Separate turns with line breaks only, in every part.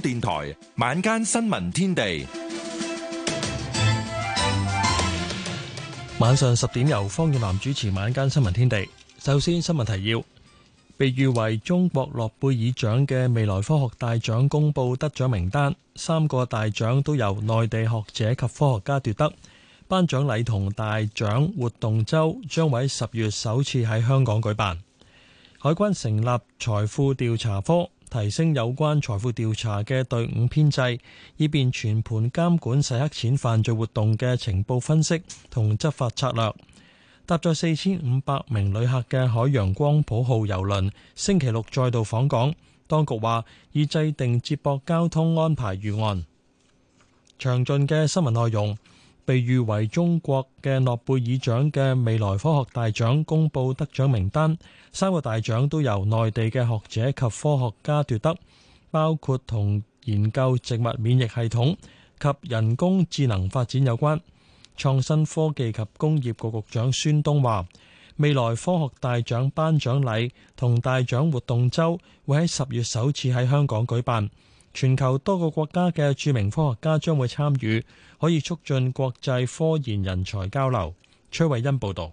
電台晚間新聞天地，晚上十點由方遠男主持晚間新聞天地。首先新聞提要，被譽為中國諾貝爾獎嘅未來科學大獎公布得獎名單，三個大獎都由內地學者及科學家奪得。頒獎禮同大獎活動周將喺十月首次喺香港舉辦。海關成立財富調查科。提升有關財富調查嘅隊伍編制，以便全盤監管洗黑錢犯罪活動嘅情報分析同執法策略。搭載四千五百名旅客嘅海洋光譜號郵輪星期六再度訪港，當局話已制定接駁交通安排預案。詳盡嘅新聞內容。被譽為中國嘅諾貝爾獎嘅未來科學大獎公布得獎名單，三個大獎都由內地嘅學者及科學家奪得，包括同研究植物免疫系統及人工智能發展有關。創新科技及工業局局長孫東話，未來科學大獎頒獎禮，同大獎全球多個國家嘅著名科學家將會參與，可以促進國際科研人才交流。崔慧欣報道。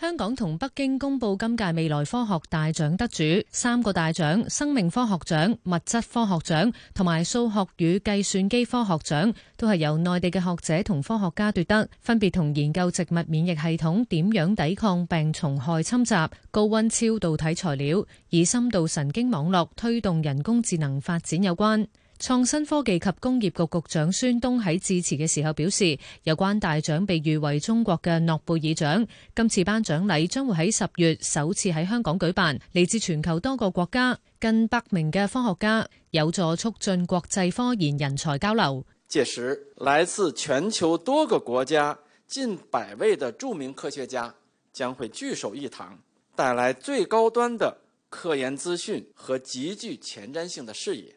香港同北京公布今屆未來科學大獎得主，三個大獎：生命科學獎、物質科學獎同埋數學與計算機科學獎，都係由內地嘅學者同科學家奪得，分別同研究植物免疫系統、點樣抵抗病蟲害侵襲、高温超導體材料，以深度神經網絡推動人工智能發展有關。創新科技及工業局局長孫東喺致辭嘅時候表示，有關大獎被譽為中國嘅諾貝爾獎。今次頒獎禮將會喺十月首次喺香港舉辦，嚟自全球多個國家近百名嘅科學家，有助促進國際科研人才交流。
屆時，來自全球多個國家近百位嘅著名科學家將會聚首一堂，帶來最高端的科研資訊和極具前瞻性的視野。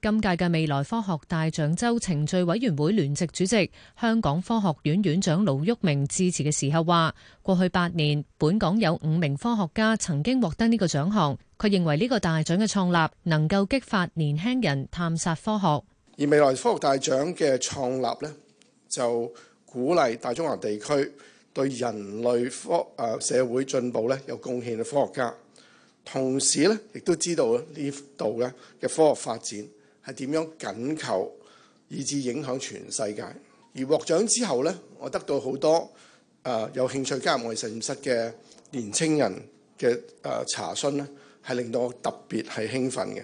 今屆嘅未來科學大獎州程序委員會聯席主席、香港科學院院長盧旭明致辭嘅時候話，過去八年，本港有五名科學家曾經獲得呢個獎項。佢認為呢個大獎嘅創立能夠激發年輕人探索科學。
而未來科學大獎嘅創立呢，就鼓勵大中華地區對人類科誒社會進步呢有貢獻嘅科學家，同時呢亦都知道呢度呢嘅科學發展。係點樣緊扣，以至影響全世界。而獲獎之後咧，我得到好多誒、呃、有興趣加入我哋實驗室嘅年青人嘅誒、呃、查詢咧，係令到我特別係興奮嘅。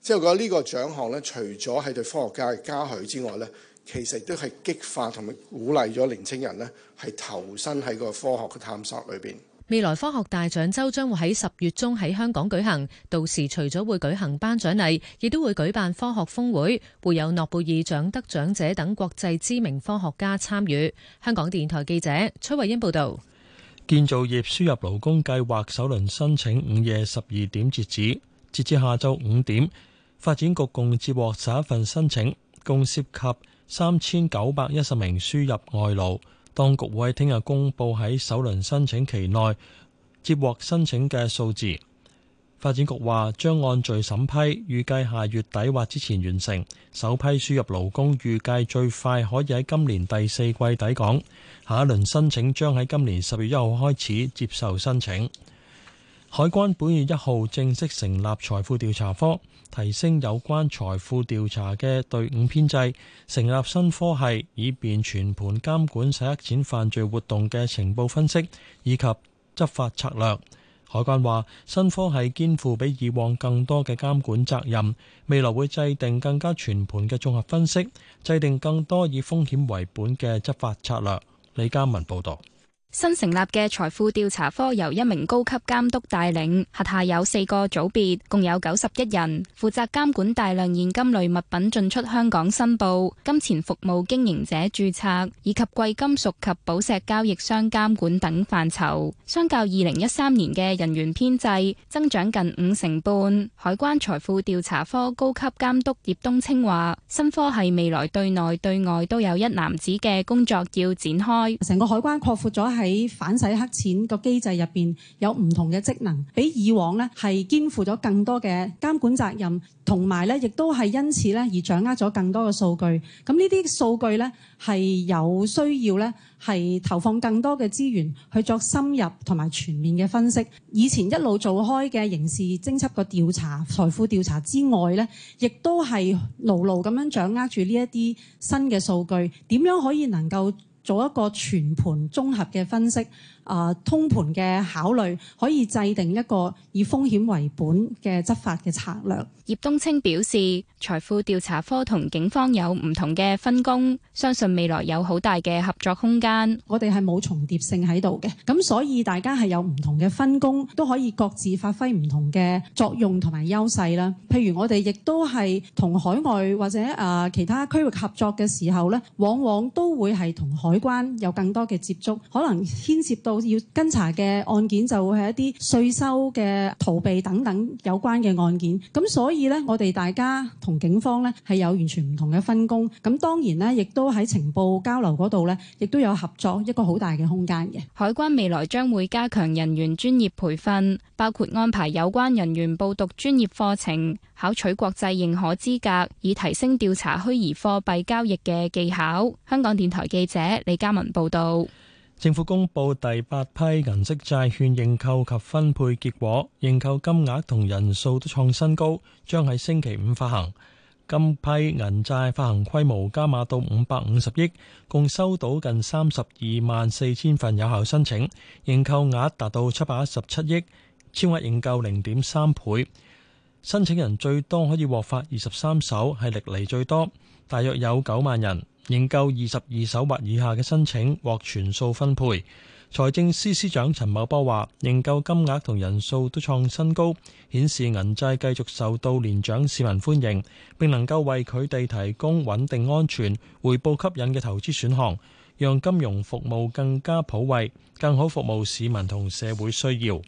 即係我覺得呢個獎項咧，除咗係對科學家嘅嘉許之外咧，其實都係激發同埋鼓勵咗年青人咧，係投身喺個科學嘅探索裏邊。
未來科學大獎周將會喺十月中喺香港舉行，到時除咗會舉行頒獎禮，亦都會舉辦科學峰會，會有諾貝爾獎得獎者等國際知名科學家參與。香港電台記者崔慧欣報道。
建造業輸入勞工計劃首輪申請午夜十二點截止，截至下晝五點，發展局共接獲十一份申請，共涉及三千九百一十名輸入外勞。當局會喺聽日公布喺首輪申請期內接獲申請嘅數字。發展局話將按序審批，預計下月底或之前完成，首批輸入勞工預計最快可以喺今年第四季抵港。下一輪申請將喺今年十月一號開始接受申請。海關本月一號正式成立財富調查科。提升有關財富調查嘅隊伍編制，成立新科系，以便全盤監管洗黑錢犯罪活動嘅情報分析以及執法策略。海關話：新科系肩負比以往更多嘅監管責任，未來會制定更加全盤嘅綜合分析，制定更多以風險為本嘅執法策略。李嘉文報導。
新成立嘅財富調查科由一名高級監督帶領，轄下有四個組別，共有九十一人，負責監管大量現金類物品進出香港申報、金錢服務經營者注冊以及貴金屬及寶石交易商監管等範疇。相較二零一三年嘅人員編制，增長近五成半。海關財富調查科高級監督葉東青話：新科係未來對內對外都有一籃子嘅工作要展開，成個海關擴闊咗係。喺反洗黑錢個機制入邊有唔同嘅職能，比以往咧係肩負咗更多嘅監管責任，同埋咧亦都係因此咧而掌握咗更多嘅數據。咁呢啲數據咧係有需要咧係投放更多嘅資源去作深入同埋全面嘅分析。以前一路做開嘅刑事偵緝個調查、財富調查之外咧，亦都係牢牢咁樣掌握住呢一啲新嘅數據，點樣可以能夠，做一個全盤綜合嘅分析。啊，通盤嘅考慮可以制定一個以風險為本嘅執法嘅策略。葉東青表示，財富調查科同警方有唔同嘅分工，相信未來有好大嘅合作空間。我哋係冇重疊性喺度嘅，咁所以大家係有唔同嘅分工，都可以各自發揮唔同嘅作用同埋優勢啦。譬如我哋亦都係同海外或者啊、呃、其他區域合作嘅時候呢，往往都會係同海關有更多嘅接觸，可能牽涉到。要跟查嘅案件就會係一啲稅收嘅逃避等等有關嘅案件，咁所以咧，我哋大家同警方咧係有完全唔同嘅分工。咁當然咧，亦都喺情報交流嗰度咧，亦都有合作一個好大嘅空間嘅。海關未來將會加強人員專業培訓，包括安排有關人員報讀專業課程、考取國際認可資格，以提升調查虛擬貨幣交易嘅技巧。香港電台記者李嘉文報道。政府公
布第八批銀色債券認購及分配結果，認購金額同人數都創新高，將喺星期五發行。今批銀債發行規模加碼到五百五十億，共收到近三十二萬四千份有效申請，認購額達到七百一十七億，超額認購零點三倍。申請人最多可以獲發二十三手，係歷嚟最多，大約有九萬人。認購二十二手或以下嘅申請獲全數分配。財政司司長陳茂波話：認購金額同人數都創新高，顯示銀債繼續受到年長市民歡迎，並能夠為佢哋提供穩定、安全、回報吸引嘅投資選項，讓金融服務更加普惠，更好服務市民同社會需要。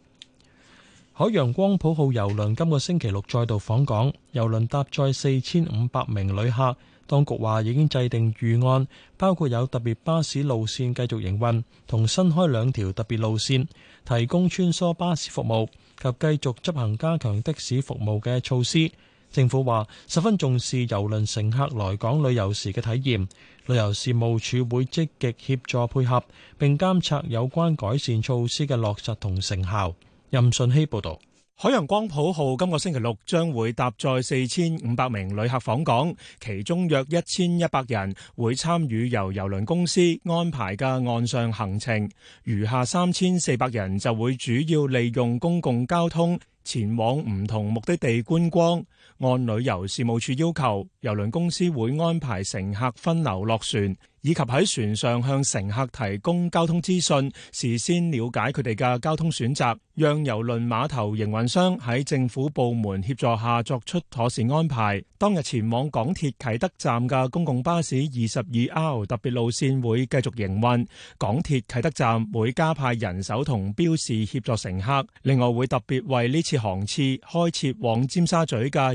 海洋光譜號郵輪今個星期六再度訪港，郵輪搭載四千五百名旅客。當局話已經制定預案，包括有特別巴士路線繼續營運，同新開兩條特別路線提供穿梭巴士服務，及繼續執行加強的士服務嘅措施。政府話十分重視郵輪乘客來港旅遊時嘅體驗，旅遊事務處會積極協助配合，並監察有關改善措施嘅落實同成效。任信希報導。海洋光譜
號今個星期六將會搭載四千五百名旅客訪港，其中約一千一百人會參與由郵輪公司安排嘅岸上行程，餘下三千四百人就會主要利用公共交通前往唔同目的地觀光。按旅遊事務處要求，郵輪公司會安排乘客分流落船，以及喺船上向乘客提供交通資訊，事先了解佢哋嘅交通選擇，讓郵輪碼頭營運商喺政府部門協助下作出妥善安排。當日前往港鐵啟德站嘅公共巴士二十二 R 特別路線會繼續營運，港鐵啟德站會加派人手同標示協助乘客，另外會特別為呢次航次開設往尖沙咀嘅。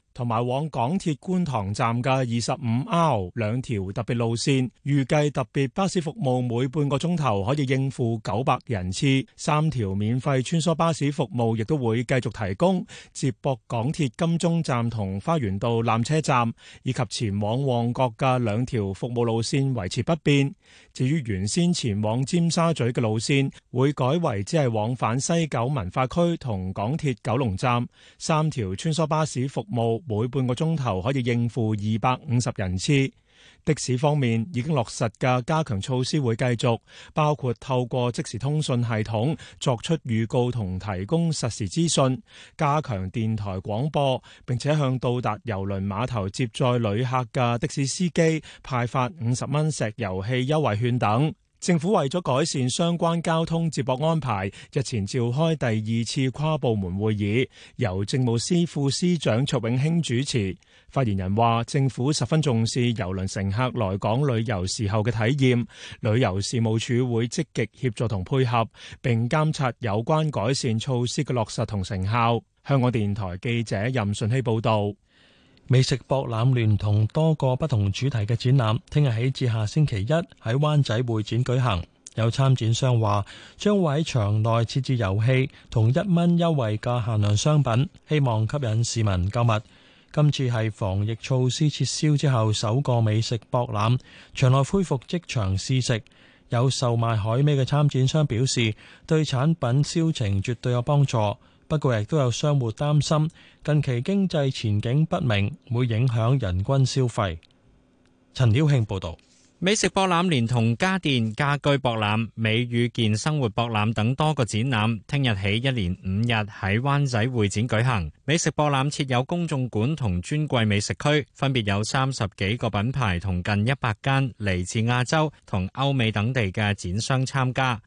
同埋往港鐵觀塘站嘅二十五 R 兩條特別路線，預計特別巴士服務每半個鐘頭可以應付九百人次。三條免費穿梭巴士服務亦都會繼續提供，接駁港鐵金鐘站同花園道纜車站，以及前往旺角嘅兩條服務路線維持不變。至於原先前往尖沙咀嘅路線，會改為只係往返西九文化區同港鐵九龍站。三條穿梭巴士服務。每半個鐘頭可以應付二百五十人次。的士方面已經落實嘅加強措施會繼續，包括透過即時通訊系統作出預告同提供實時資訊，加強電台廣播，並且向到達郵輪碼頭接載旅客嘅的，的士司機派發五十蚊石油氣優惠券等。政府為咗改善相關交通接駁安排，日前召開第二次跨部門會議，由政務司副司長卓永興主持。發言人話，政府十分重視郵輪乘客來港旅遊時候嘅體驗，旅遊事務署會積極協助同配合，並監察有關改善措施嘅落實同成效。
香港電台記者任順希報道。美食博覽聯同多個不同主題嘅展覽，聽日起至下星期一喺灣仔會展舉行。有參展商話，將會喺場內設置遊戲，同一蚊優惠價限量商品，希望吸引市民購物。今次係防疫措施撤銷之後首個美食博覽，場內恢復即場試食。有售賣海味嘅參展商表示，對產品銷情絕對有幫助。不過，亦都有商戶擔心近期經濟前景不明，會影響人均消費。陳曉慶報導：美食博覽連同家電、家居博覽、
美與健生活博覽等多個展覽，聽日起一連五日喺灣仔會展舉行。美食博覽設有公眾館同專櫃美食區，分別有三十幾個品牌同近一百間嚟自亞洲同歐美等地嘅展商參加。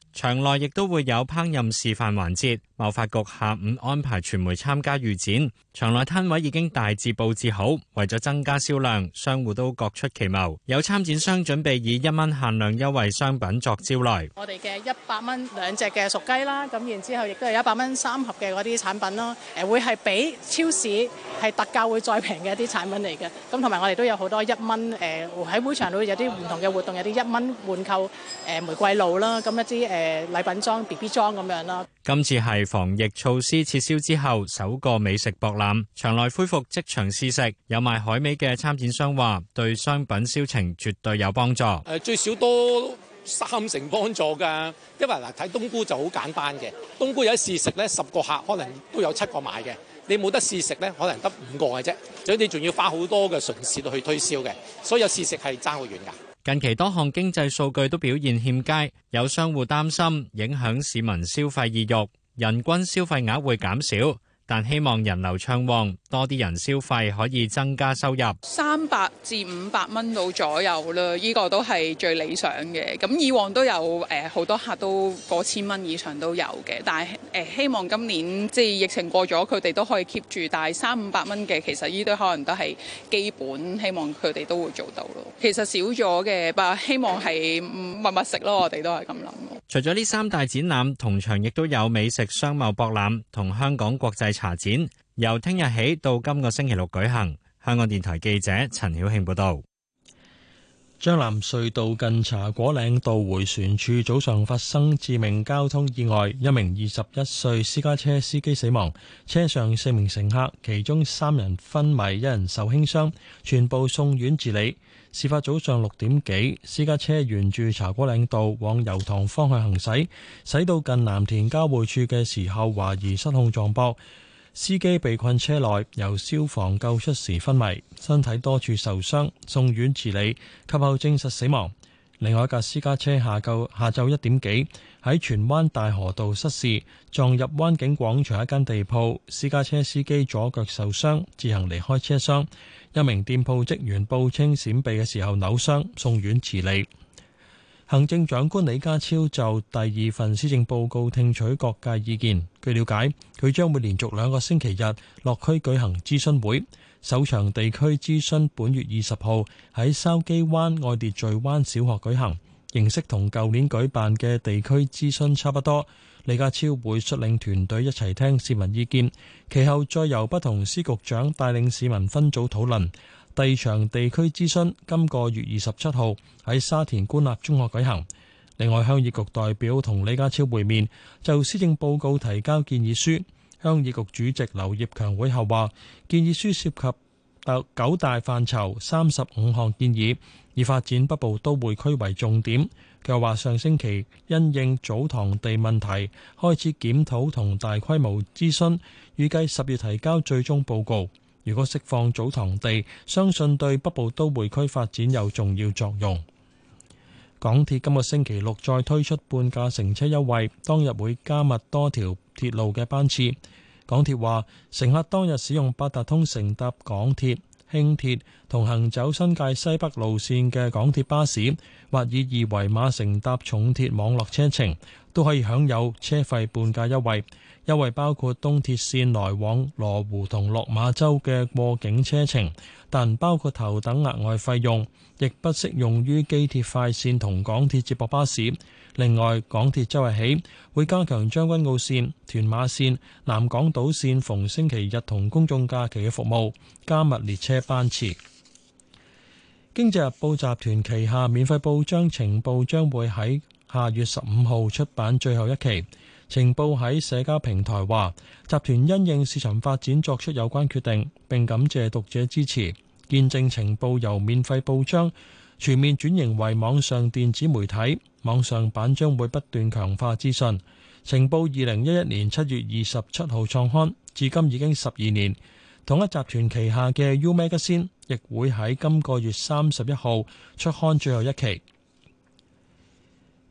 超市係特價會再平嘅一啲產品嚟嘅。咁同埋我哋都有好多一蚊誒喺會場度有啲唔同嘅活動，有啲一蚊換購誒、呃、玫瑰露啦，咁一啲誒禮品裝 B B 裝咁樣啦。
今次係防疫措施撤銷之後首個美食博覽，場內恢復即場試食。有賣海味嘅參展商話：對商品銷情絕對有幫助。誒、
呃、最少多三成幫助㗎，因為嗱睇冬菇就好簡單嘅冬菇有得試食咧，十個客可能都有七個買嘅。你冇得試食呢，可能得五個嘅啫，所以你仲要花好多嘅唇舌去推銷嘅，所以有試食係爭好遠㗎。
近期多項經濟數據都表現欠佳，有商戶擔心影響市民消費意欲，人均消費額會減少。但希望人流暢旺，多啲人消費可以增加收入。
三百至五百蚊度左右啦，呢個都係最理想嘅。咁以往都有誒好多客都過千蚊以上都有嘅，但係誒、呃、希望今年即係疫情過咗，佢哋都可以 keep 住。但係三五百蚊嘅，其實呢啲可能都係基本，希望佢哋都會做到咯。其實少咗嘅，但係希望係密密食咯，我哋都係咁諗。
除咗呢三大展覽，同場亦都有美食商貿博覽同香港國際茶展，由聽日起到今個星期六舉行。香港電台記者陳曉慶報道。
張南隧道近茶果嶺道回旋處早上發生致命交通意外，一名二十一歲私家車司機死亡，車上四名乘客，其中三人昏迷，一人受輕傷，全部送院治理。事發早上六點幾，私家車沿住茶果嶺道往油塘方向行駛，駛到近藍田交匯處嘅時候，懷疑失控撞博，司機被困車內，由消防救出時昏迷，身體多處受傷，送院治理，及後證實死亡。另外一架私家車下晝下晝一點幾喺荃灣大河道失事，撞入灣景廣場一間地鋪，私家車司機左腳受傷，自行離開車廂。一名店鋪職員報稱閃避嘅時候扭傷，送院治理。行政長官李家超就第二份施政報告聽取各界意見。據了解，佢將會連續兩個星期日落區舉行諮詢會。首場地區諮詢本月二十號喺筲箕灣愛秩序灣小學舉行，形式同舊年舉辦嘅地區諮詢差不多。李家超會率領團隊一齊聽市民意見，其後再由不同司局長帶領市民分組討論。第二場地區諮詢今個月二十七號喺沙田官立中學舉行，另外，鄉議局代表同李家超會面就施政報告提交建議書。鄉議局主席劉業強會後話，建議書涉及達九大範疇、三十五項建議，以發展北部都會區為重點。佢又話，上星期因應祖堂地問題，開始檢討同大規模諮詢，預計十月提交最終報告。如果釋放祖堂地，相信對北部都會區發展有重要作用。港鐵今個星期六再推出半價乘車優惠，當日會加密多條。鐵路嘅班次，港鐵話乘客當日使用八達通乘搭港鐵、輕鐵，同行走新界西北路線嘅港鐵巴士，或以二維碼乘搭重鐵網絡車程，都可以享有車費半價優惠。優惠包括東鐵線來往羅湖同落馬洲嘅過境車程，但包括頭等額外費用，亦不適用於機鐵快線同港鐵接駁巴士。另外，港鐵周日起會加強將軍澳線、屯馬線、南港島線逢星期日同公眾假期嘅服務，加密列車班次。經濟日報集團旗下免費報章《晴報》將會喺下月十五號出版最後一期。《晴報》喺社交平台話，集團因應市場發展作出有關決定，並感謝讀者支持。見證《晴報》由免費報章全面轉型為網上電子媒體，網上版將會不斷強化資訊。《晴報》二零一一年七月二十七號創刊，至今已經十二年。同一集團旗下嘅《U Magazine》亦會喺今個月三十一號出刊最後一期。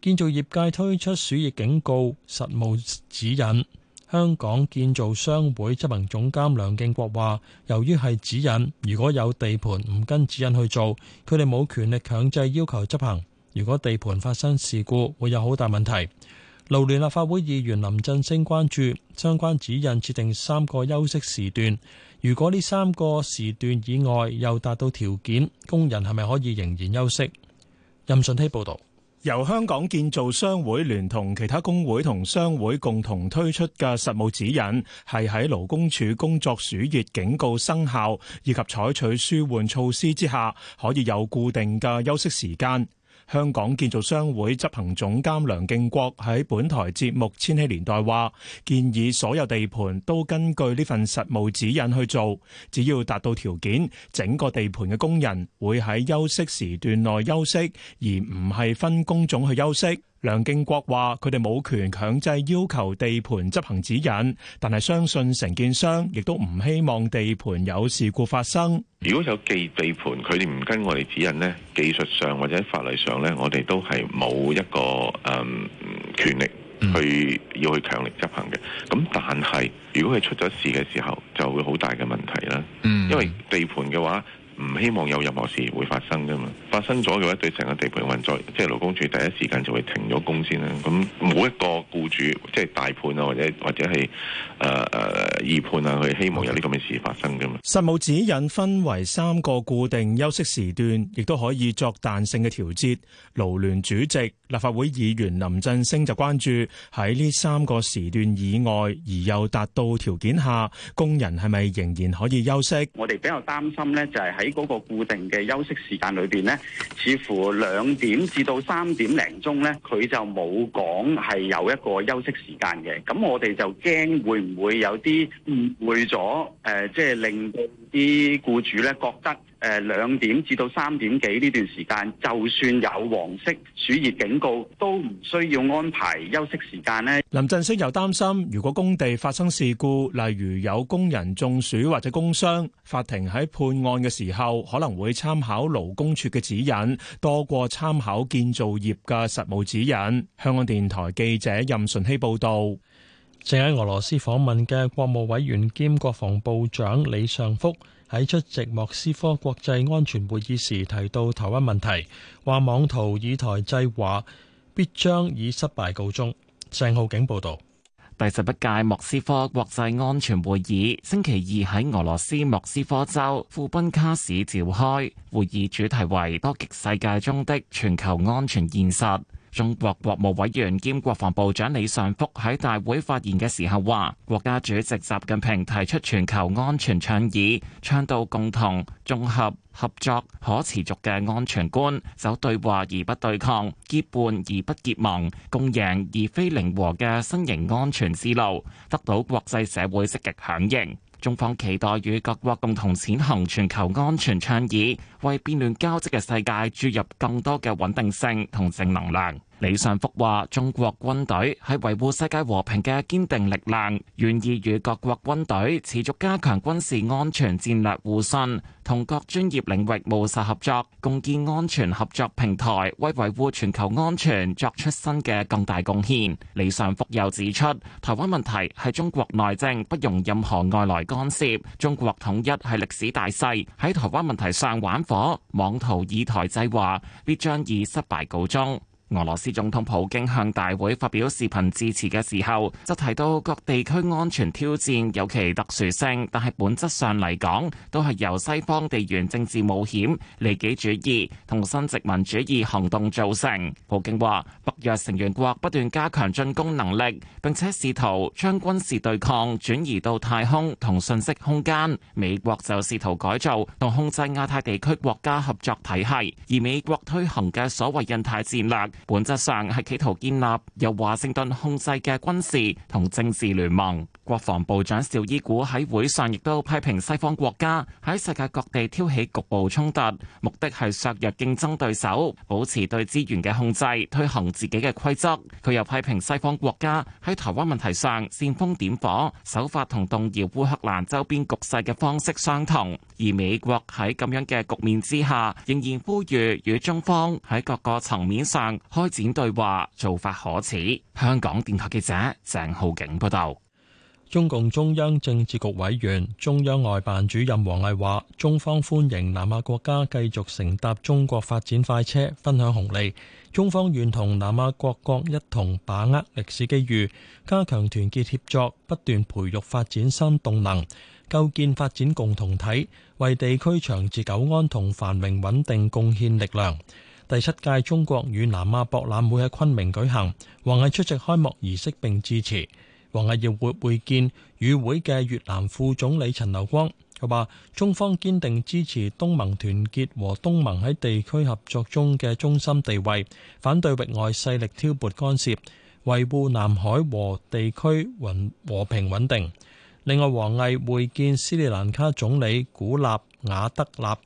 建造業界推出暑熱警告實務指引，香港建造商會執行總監梁敬國話，由於係指引，如果有地盤唔跟指引去做，佢哋冇權力強制要求執行。如果地盤發生事故，會有好大問題。勞聯立法會議員林振昇關注相關指引設定三個休息時段。如果呢三個時段以外又達到條件，工人係咪可以仍然休息？任順熙報道，
由香港建造商會聯同其他工會同商會共同推出嘅實務指引，係喺勞工處工作暑熱警告生效以及採取舒緩措施之下，可以有固定嘅休息時間。香港建造商會執行總監梁敬國喺本台節目《千禧年代》話，建議所有地盤都根據呢份實務指引去做，只要達到條件，整個地盤嘅工人會喺休息時段內休息，而唔係分工種去休息。梁敬國話：佢哋冇權強制要求地盤執行指引，但係相信承建商亦都唔希望地盤有事故發生。如果有記地盤，佢哋唔跟我哋指引呢？技術上或者法例上呢，我哋都係冇一個誒、嗯、權力去要去強力執行嘅。咁但係如果佢出咗事嘅時候，就會好大嘅問題啦。因爲地盤嘅話。唔希望有任何事會發生噶嘛，發生咗嘅話，對成個地盤運作，即係勞工處第一時間就會停咗工先啦。咁每一個僱主，即係大判啊，或者或者係誒誒二判啊，佢希望有呢啲咁嘅事發生噶嘛。實務指引分為三個固定休息時段，亦都可以作彈性嘅調節。勞聯主席。立法會議員林振昇就關注喺呢三個時段以外，而又達到條件下，工人係咪仍然可以休息？我
哋比較擔心呢，就係喺嗰個固定嘅休息時間
裏邊呢，似乎兩點至到三點零鐘呢，佢就冇講係有一個休息時間嘅。咁我哋就驚會唔會有啲誤會
咗？誒，即係令到啲僱主呢覺得。誒，兩點至到三點幾呢段時間，就算有黃色暑熱警告，都唔需要安排休息時間呢。
林振升又擔心，如果工地發生事故，例如有工人中暑或者工傷，法庭喺判案嘅時候可能會參考勞工處嘅指引，多過參考建造業嘅實務指引。香港電台
記者任順希報道。正喺俄羅斯訪問嘅國務委員兼國防部長李尚福，喺出席莫斯科國際安全會議時提到台灣問題，話妄圖以台制華必將以失敗告終。鄭浩景報道，
第十一屆莫斯科國際安全會議星期二喺俄羅斯莫斯科州庫賓卡市召開，會議主題為多極世界中的全球安全現實。中國國務委員兼國防部長李尚福喺大會發言嘅時候話，國家主席習近平提出全球安全倡議，倡導共同、綜合、合作、可持續嘅安全觀，走對話而不對抗、結伴而不結盟、共贏而非零和嘅新型安全之路，得到國際社會積極響應。中方期待與各國共同踐行全球安全倡議，為變亂交織嘅世界注入更多嘅穩定性同正能量。李尚福話，中國軍隊係維護世界和平嘅堅定力量，願意與各國軍隊持續加強軍事安全戰略互信，同各專業領域務實合作，共建安全合作平台，為維護全球安全作出新嘅更大貢獻。李尚福又指出，台灣問題係中國內政，不容任何外來干涉。中國統一係歷史大勢，喺台灣問題上玩火、妄圖以台制華，必將以失敗告終。俄羅斯總統普京向大會發表視頻致辭嘅時候，就提到各地區安全挑戰有其特殊性，但係本質上嚟講，都係由西方地緣政治冒險、利己主義同新殖民主義行動造成。普京話：北約成員國不斷加強進攻能力，並且試圖將軍事對抗轉移到太空同信息空間。美國就試圖改造同控制亞太地區國家合作體系，而美國推行嘅所謂印太戰略，本質上係企圖建立由華盛頓控制嘅軍事同政治聯盟。國防部長邵伊古喺會上亦都批評西方國家喺世界各地挑起局部衝突，目的係削弱競爭對手，保持對資源嘅控制，推行自己嘅規則。佢又批評西方國家喺台灣問題上煽風點火，手法同動搖烏克蘭周邊局勢嘅方式相同。而美國喺咁樣嘅局面之下，仍然呼籲與中方喺各個層面上。開展對話，做法可恥。
香港電台記者鄭浩景報道，中共中央政治局委員、中央外辦主任王毅話，中方歡迎南亞國家繼續乘搭中國發展快車，分享紅利。中方願同南亞各國一同把握歷史機遇，加強團結協作，不斷培育發展新動能，構建發展共同體，為地區長治久安同繁榮穩定貢獻力量。第七屆中國與南亞博覽會喺昆明舉行，王毅出席開幕儀式並致辭。王毅又會見與會嘅越南副總理陳劉光，佢話中方堅定支持東盟團結和東盟喺地區合作中嘅中心地位，反對域外勢力挑撥干涉，維護南海和地區穩和平穩定。另外，王毅會見斯里蘭卡總理古納瓦德納。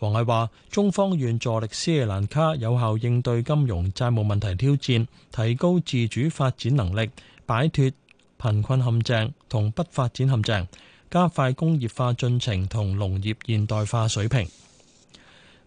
王毅話：中方願助力斯里蘭卡有效應對金融債務問題挑戰，提高自主發展能力，擺脱貧困陷阱同不發展陷阱，加快工業化進程同農業現代化水平。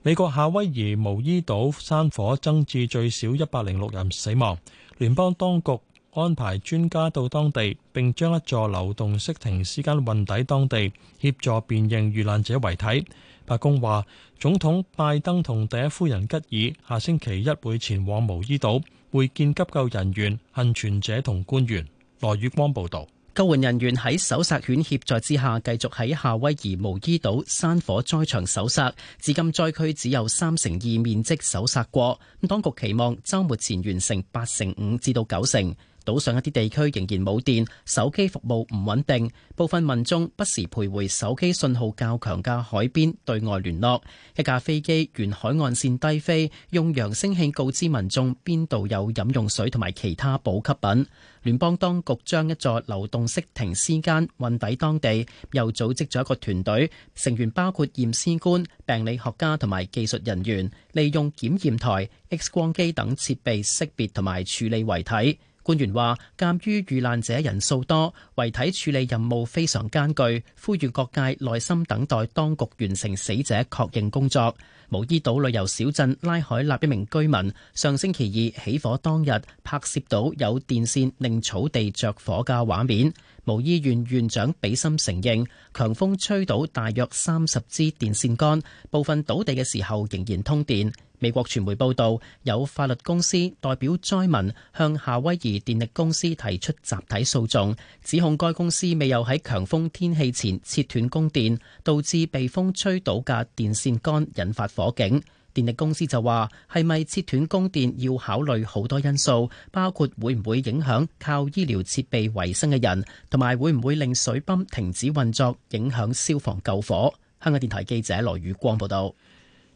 美國夏威夷毛伊島山火增至最少一百零六人死亡，聯邦當局安排專家到當地，並將一座流動式停屍間運抵當地，協助辨認遇難者遺體。白宮話，總統拜登同第一夫人吉爾下星期一會前往毛伊島會見急救人員、倖
存者同官員。羅宇光報道，救援人員喺搜索犬協助之下，繼續喺夏威夷毛伊島山火災場搜索。至今災區只有三成二面積搜索過，咁當局期望周末前完成八成五至到九成。島上一啲地區仍然冇電，手機服務唔穩定。部分民眾不時徘徊手機信號較強嘅海邊對外聯絡。一架飛機沿海岸線低飛，用揚聲器告知民眾邊度有飲用水同埋其他補給品。聯邦當局將一座流動式停屍間運抵當地，又組織咗一個團隊，成員包括驗屍官、病理學家同埋技術人員，利用檢驗台、X 光機等設備識別同埋處理遺體。官員話，鑒於遇難者人數多，遺體處理任務非常艱巨，呼籲各界耐心等待當局完成死者確認工作。毛伊島旅遊小鎮拉海納一名居民，上星期二起火當日，拍攝到有電線令草地着火嘅畫面。毛醫院院長比心承認，強風吹倒大約三十支電線桿，部分倒地嘅時候仍然通電。美國傳媒報道，有法律公司代表災民向夏威夷電力公司提出集體訴訟，指控該公司未有喺強風天氣前切斷供電，導致被風吹倒嘅電線桿引發火警。電力公司就話：係咪切斷供電要考慮好多因素，包括會唔會影響靠醫療設備維生嘅人，同埋會唔會令水泵停止運作，影響消防救火。香港電台記者羅宇光報道。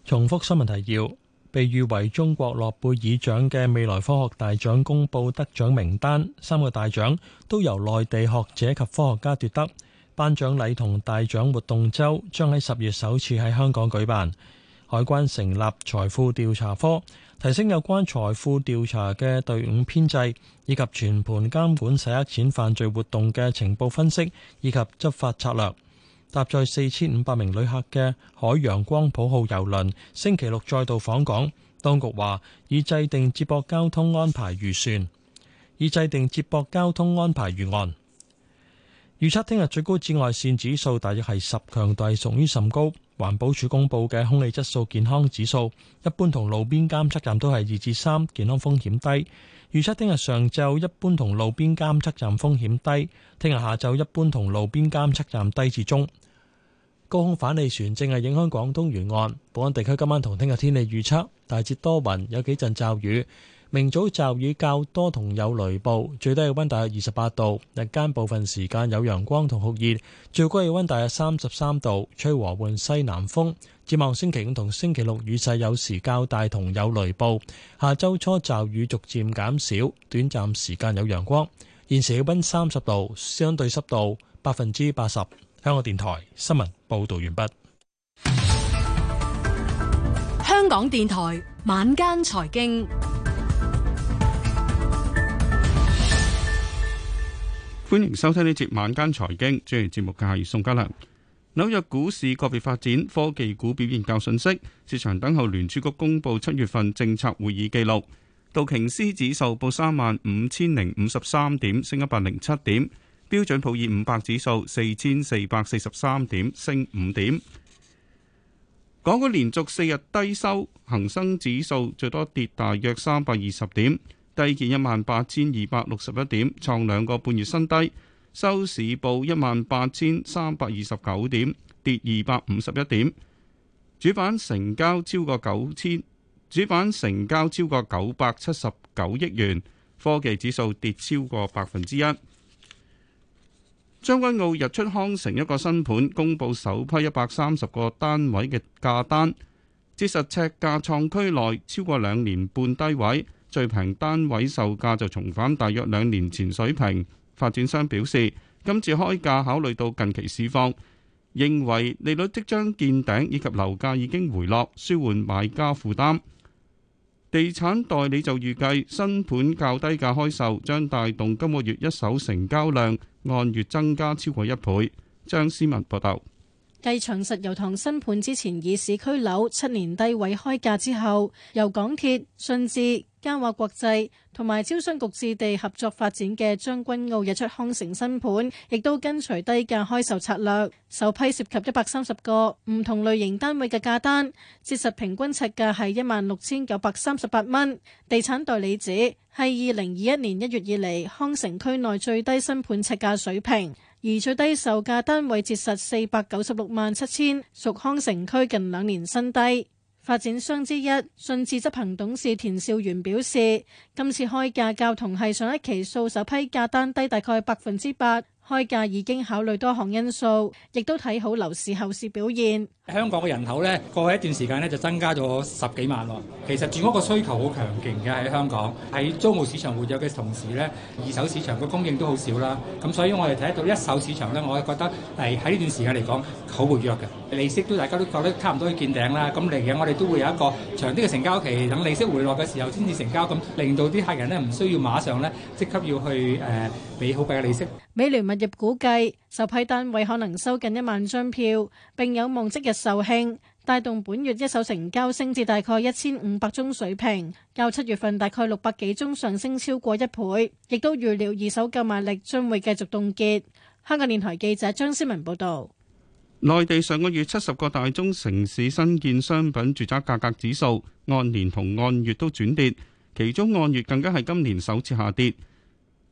重複新聞提
要：被譽為中國諾貝爾獎嘅未來科學大獎公布得獎名單，三個大獎都由內地學者及科學家奪得。頒獎禮同大獎活動周將喺十月首次喺香港舉辦。海關成立財富調查科，提升有關財富調查嘅隊伍編制，以及全盤監管洗黑錢犯罪活動嘅情報分析以及執法策略。搭載四千五百名旅客嘅海洋光譜號郵輪星期六再度訪港，當局話已制定接駁交通安排預算，已制定接駁交通安排預案。預測聽日最高紫外線指數大約係十，強度屬於甚高。環保署公布嘅空氣質素健康指數，一般同路邊監測站都係二至三，健康風險低。預測聽日上晝一般同路邊監測站風險低，聽日下晝一般同路邊監測站低至中。高空反氣旋正係影響廣東沿岸，本港地區今晚同聽日天氣預測大致多雲，有幾陣驟雨。明早驟雨較多同有雷暴，最低氣溫大約二十八度，日間部分時間有陽光同酷熱，最高氣溫大約三十三度，吹和緩西南風。展望星期五同星期六雨勢有時較大同有雷暴，下周初驟雨逐漸減少，短暫時間有陽光。現時氣溫三十度，相對濕度百分之八十。香港電台新聞報道完畢。
香港電台晚間財經。
歡迎收聽呢節晚間財經，主持節目嘅係宋家良。紐約股市個別發展，科技股表現較遜色，市場等候聯儲局公布七月份政策會議記錄。道瓊斯指數報三萬五千零五十三點，升一百零七點；標準普爾五百指數四千四百四十三點，升五點。港股連續四日低收，恒生指數最多跌大約三百二十點。低見一萬八千二百六十一點，創兩個半月新低，收市報一萬八千三百二十九點，跌二百五十一點。主板成交超過九千，主板成交超過九百七十九億元。科技指數跌超過百分之一。將 軍樂澳日出康城一個新盤公佈首批一百三十個單位嘅價單，折實尺價創區內超過兩年半低位。最平單位售價就重返大約兩年前水平。發展商表示，今次開價考慮到近期市況，認為利率即將見頂，以及樓價已經回落，舒緩買家負擔。地產代理就預計新盤較低價開售將帶動今個月一手成交量按月增加超過一倍。張思文報道，
繼長實油塘新盤之前以市區樓七年低位開價之後，由港鐵、信至。嘉華國際同埋招商局置地合作發展嘅將軍澳日出康城新盤，亦都跟隨低價開售策略，首批涉及一百三十個唔同類型單位嘅價單，折實平均尺價係一萬六千九百三十八蚊。地產代理指係二零二一年一月以嚟，康城區內最低新盤尺價水平，而最低售價單位折實四百九十六萬七千，屬康城區近兩年新低。發展商之一信置執行董事田兆元表示：今次開價較同系上一期數首批價單低大概百分之八，開價已經考慮多項因素，亦都睇好樓市後市表現。
香港嘅人口，咧過去一段時間咧，就增加咗十幾萬喎。其實住屋嘅需求好強勁嘅喺香港，喺租務市場活躍嘅同時咧，二手市場個供應都好少啦。咁所以我哋睇到一手市場咧，我覺得係喺呢段時間嚟講好活躍嘅。利息都大家都覺得差唔多要見頂啦。咁嚟緊我哋都會有一個長啲嘅成交期，等利息回落嘅時候先至成交，咁令到啲客人咧唔需要馬上咧即刻要去，誒，俾好貴嘅利息。
美聯物業估計。就批單位可能收近一萬張票，並有望即日售罄，帶動本月一手成交升至大概一千五百宗水平，較七月份大概六百幾宗上升超過一倍。亦都預料二手購買力將會繼續凍結。香港電台記者張思文報道，
內地上個月七十個大中城市新建商品住宅價格指數按年同按月都轉跌，其中按月更加係今年首次下跌。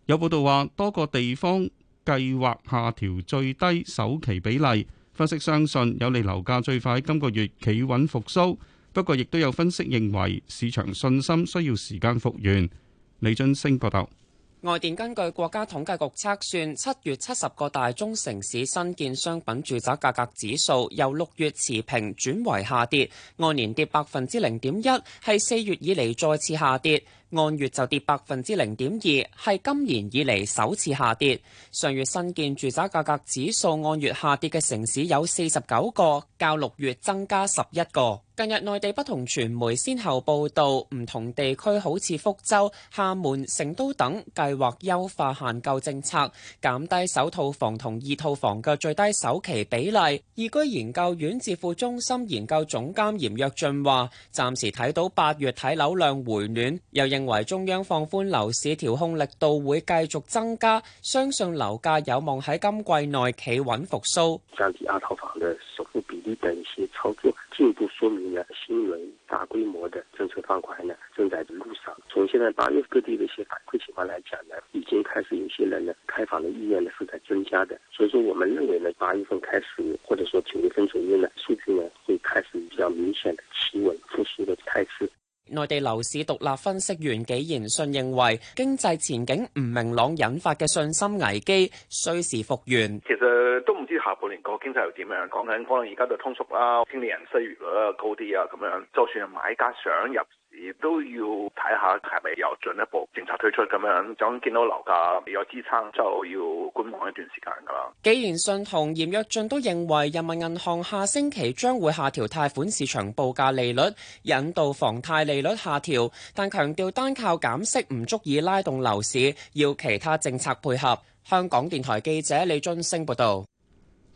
有報道話多個地方。計劃下調最低首期比例，分析相信有利樓價最快今個月企穩復甦。不過，亦都有分析認為市場信心需要時間復原。李俊升報道，
外電根據國家統計局測算，七月七十個大中城市新建商品住宅價格指數由六月持平轉為下跌，按年跌百分之零點一，係四月以嚟再次下跌。按月就跌百分之零點二，係今年以嚟首次下跌。上月新建住宅價格指數按月下跌嘅城市有四十九個，較六月增加十一個。近日內地不同傳媒先後報道，唔同地區好似福州、廈門、成都等計劃優化限購政策，減低首套房同二套房嘅最低首期比例。易居研究院智庫中心研究總監嚴躍進話：暫時睇到八月睇樓量回暖，又認為中央放寬樓市調控力度會繼續增加，相信樓價有望喺今季內企穩復甦。
降低二套房的首付比例等一些操作，進一步說明了新一輪大規模的政策放寬呢正在路上。
從現在八月各地的一些反饋情況來講呢，已經開始有些人呢開房的意願呢是在增加的。所以說，我們認為呢八月份開始，
或者說九月份左右呢。
我哋樓市獨立分析員紀賢信認為，經濟前景唔明朗引發嘅信心危機，需時復原。
其實都唔知下半年個經濟又點樣。講緊可能而家就通縮啦，經理人失業率高啲啊咁樣。就算係買家想入。亦都要睇下係咪有進一步政策推出咁樣，總見到樓價未有支撐，就要觀望一段時間噶啦。
既然信同，嚴躍進都認為人民銀行下星期將會下調貸款市場報價利率，引導房貸利率下調，但強調單靠減息唔足以拉動樓市，要其他政策配合。香港電台記者李俊升報道。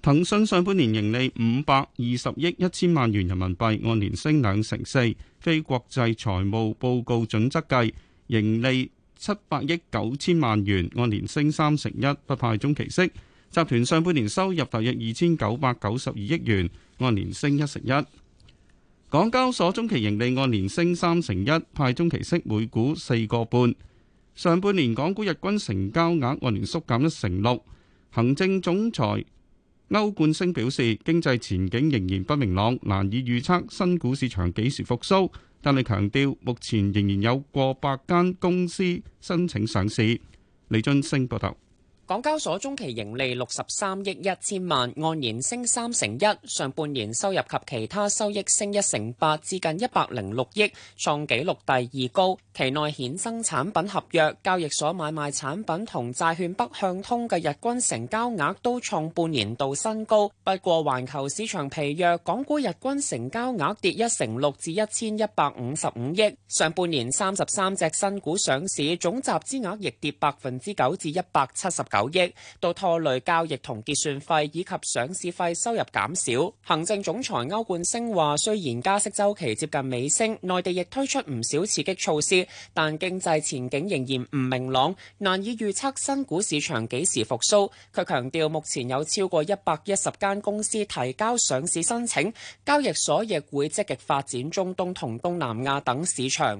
騰訊上半年盈利五百二十億一千萬元人民幣，按年升兩成四。非國際財務報告準則計，盈利七百億九千萬元，按年升三成一，不派中期息。集團上半年收入大約二千九百九十二億元，按年升一成一。港交所中期盈利按年升三成一，派中期息每股四個半。上半年港股日均成交額按年縮減一成六。行政總裁歐冠星表示，經濟前景仍然不明朗，難以預測新股市場幾時復甦。但係強調，目前仍然有過百間公司申請上市。李俊升報道。
港交所中期盈利六十三億一千萬，按年升三成一。上半年收入及其他收益升一成八，至近一百零六億，創紀錄第二高。期內衍生產品合約、交易所買賣產品同債券北向通嘅日均成交額都創半年度新高。不過環球市場疲弱，港股日均成交額跌一成六，至一千一百五十五億。上半年三十三隻新股上市，總集資額亦跌百分之九，至一百七十九。九億到拖累交易同結算費以及上市費收入減少。行政總裁歐冠昇話：雖然加息週期接近尾聲，內地亦推出唔少刺激措施，但經濟前景仍然唔明朗，難以預測新股市場幾時復甦。佢強調，目前有超過一百一十間公司提交上市申請，交易所亦會積極發展中東同東南亞等市場。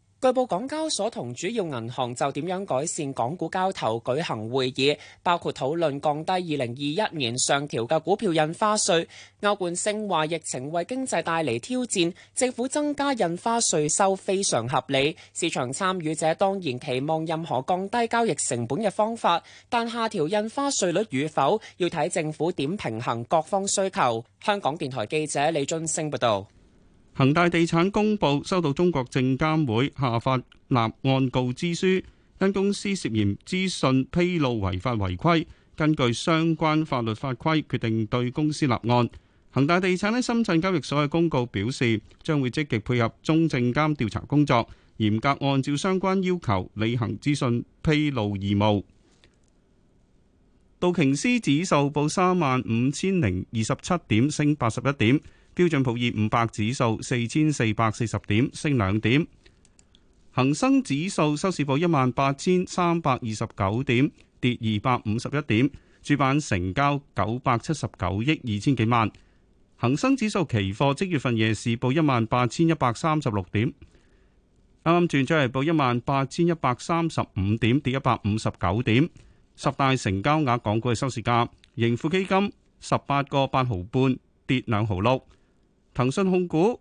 據報，港交所同主要銀行就點樣改善港股交投舉行會議，包括討論降低二零二一年上調嘅股票印花稅。歐冠昇話：疫情為經濟帶嚟挑戰，政府增加印花稅收非常合理。市場參與者當然期望任何降低交易成本嘅方法，但下調印花稅率與否，要睇政府點平衡各方需求。香港電台記者李俊星報道。
恒大地產公布，收到中國證監會下發立案告知書，因公司涉嫌資訊披露違法違規，根據相關法律法規決定對公司立案。恒大地產喺深圳交易所嘅公告表示，將會積極配合中證監調查工作，嚴格按照相關要求履行資訊披露義務。道瓊斯指數報三萬五千零二十七點，升八十一點。標準普爾五百指數四千四百四十點升兩點，恒生指數收市報一萬八千三百二十九點，跌二百五十一點。主板成交九百七十九億二千幾萬。恒生指數期貨即月份夜市報一萬八千一百三十六點，啱啱轉出嚟報一萬八千一百三十五點，跌一百五十九點。十大成交額港股嘅收市價，盈富基金十八個八毫半，跌兩毫六。騰訊控股，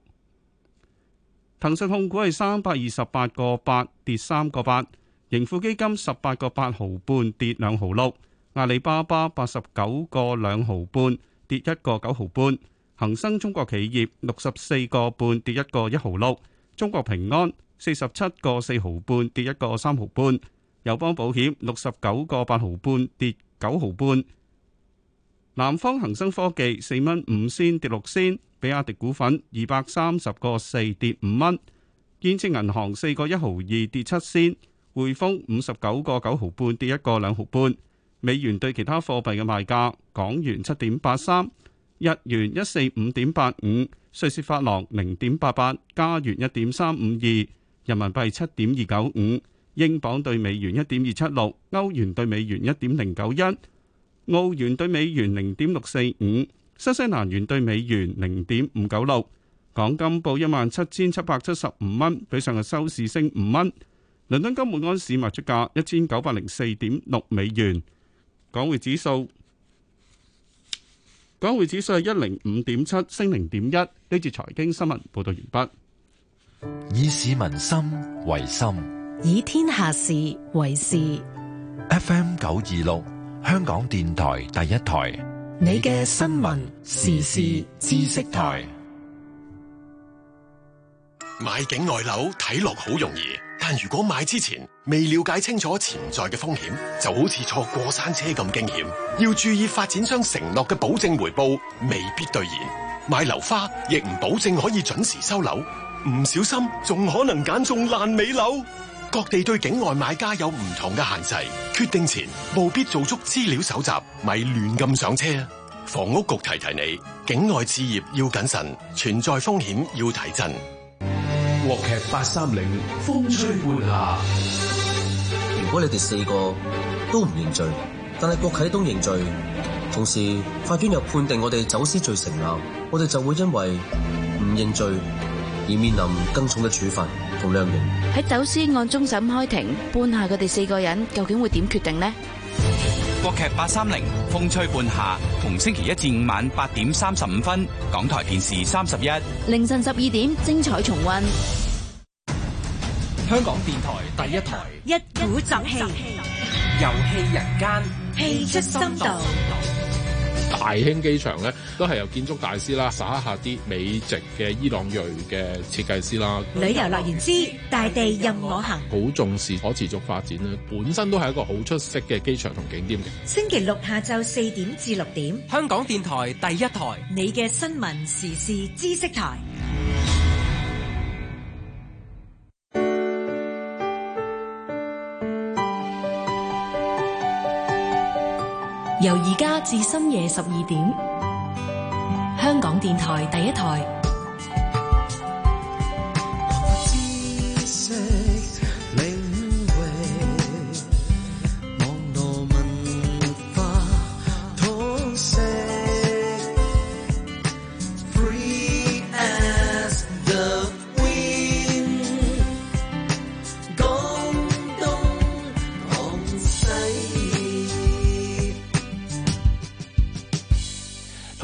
騰訊控股係三百二十八個八，跌三個八；盈富基金十八個八毫半，跌兩毫六；阿里巴巴八十九個兩毫半，跌一個九毫半；恒生中國企業六十四個半，跌一個一毫六；中國平安四十七個四毫半，5, 跌一個三毫半；友邦保險六十九個八毫半，跌九毫半；南方恒生科技四蚊五仙，跌六仙。比亞迪股份二百三十個四，跌五蚊。建設銀行四個一毫二，跌七仙。匯豐五十九個九毫半，跌一個兩毫半。美元對其他貨幣嘅賣價：港元七點八三，日元一四五點八五，瑞士法郎零點八八，加元一點三五二，人民幣七點二九五，英鎊對美元一點二七六，歐元對美元一點零九一，澳元對美元零點六四五。新西蘭元兌美元零點五九六，港金報一萬七千七百七十五蚊，比上日收市升五蚊。倫敦金每安士賣出價一千九百零四點六美元。港匯指數，港匯指數係一零五點七，升零點
一。呢次財經新聞報道完畢。
以市民心為心，
以天下事為事。
FM 九二六，香港電台第一台。
你嘅新聞時事知識台，
買境外樓睇落好容易，但如果買之前未了解清楚潛在嘅風險，就好似坐過山車咁驚險。要注意發展商承諾嘅保證回報未必兌現，買樓花亦唔保證可以準時收樓，唔小心仲可能揀中爛尾樓。各地對境外買家有唔同嘅限制，決定前務必做足資料搜集，咪亂咁上車。房屋局提提你，境外置業要謹慎，存在風險要提振。話劇八三零，
風吹
半夏。如果你哋四個都唔認罪，但係郭啟東認罪，同時法院又判定我哋走私罪成立，我哋就會因為唔認罪而面臨更重嘅處罰。
喺走私
案終審開庭，半下佢哋四個人究竟會點決定呢？
國劇八三零，風吹半夏，逢星期一至五晚八點三十五分，港台電視三十一，
凌晨十二點精彩重溫。
香港
電台第一台，一鼓作氣，遊戲人間，氣出深度。
大興機場咧，都係由建築大師啦，耍一下啲美籍嘅伊朗裔嘅設計師啦。旅遊樂
園之大地任我行，
好重視可持續發展啦。本身都係一個好出色嘅機場同景點嘅。星
期
六下晝四點至六點，香港電台第一台，你嘅新聞時事知識台。
由而家至深夜十二點，香港電台第一台。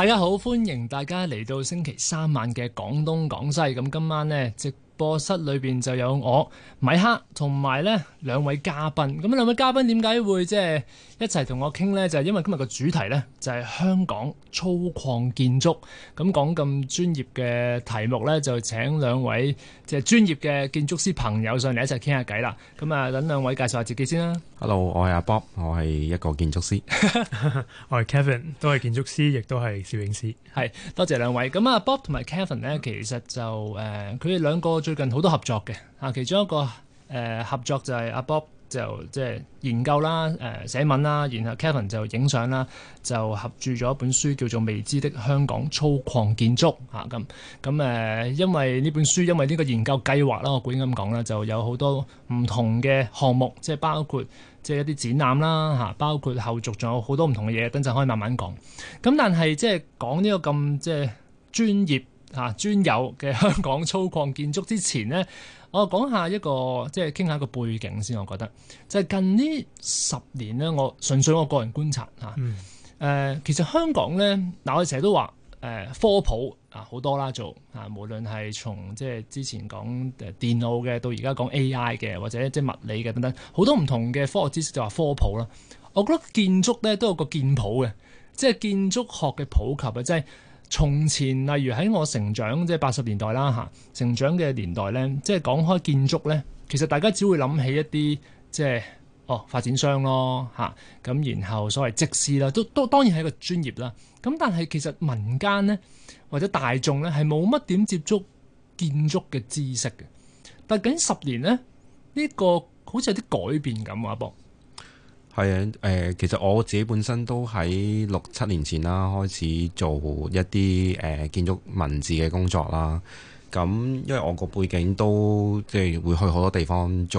大家好，歡迎大家嚟到星期三晚嘅廣東廣西。咁今晚呢，直播室裏邊就有我米克同埋呢兩位嘉賓。咁兩位嘉賓點解會即係？一齊同我傾呢，就係、是、因為今日個主題呢，就係、是、香港粗獷建築。咁講咁專業嘅題目呢，就請兩位即係專業嘅建築師朋友上嚟一齊傾下偈啦。咁啊，等兩位介紹下自己先啦。
Hello，我係阿 Bob，我係一個建築師。
我係 Kevin，都係建築師，亦都係攝影師。係 多謝兩位。咁啊，Bob 同埋 Kevin 呢，其實就誒，佢哋兩個最近好多合作嘅啊。其中一個誒、呃、合作就係阿、啊、Bob。就即係研究啦，誒、呃、寫文啦，然後 Kevin 就影相啦，就合著咗一本書叫做《未知的香港粗獷建築》嚇，咁咁誒，因為呢本書因為呢個研究計劃啦，我管咁講啦，就有好多唔同嘅項目，即係包括即係一啲展覽啦嚇，包括後續仲有好多唔同嘅嘢，等陣可以慢慢講。咁、啊、但係即係講呢個咁即係專業嚇專、啊、有嘅香港粗獷建築之前呢。我講下一個，即係傾下一個背景先。我覺得就係近呢十年咧，我純粹我個人觀察嚇，誒，其實香港咧，嗱，我成日都話誒，科普啊好多啦做啊，無論係從即係之前講電腦嘅，到而家講 AI 嘅，或者即係物理嘅等等，好多唔同嘅科學知識就話科普啦。我覺得建築咧都有個建普嘅，即係建築學嘅普及啊，即係。從前，例如喺我成長即係八十年代啦嚇，成長嘅年代咧，即係講開建築咧，其實大家只會諗起一啲即係哦發展商咯嚇，咁然後所謂則師啦，都都當然係一個專業啦。咁但係其實民間咧或者大眾咧係冇乜點接觸建築嘅知識嘅。但係近十年咧，呢個好似有啲改變咁啊，噃。
係啊，誒、呃，其實我自己本身都喺六七年前啦，開始做一啲誒、呃、建築文字
嘅工作啦。咁因為我個背景都即係會去好多地方。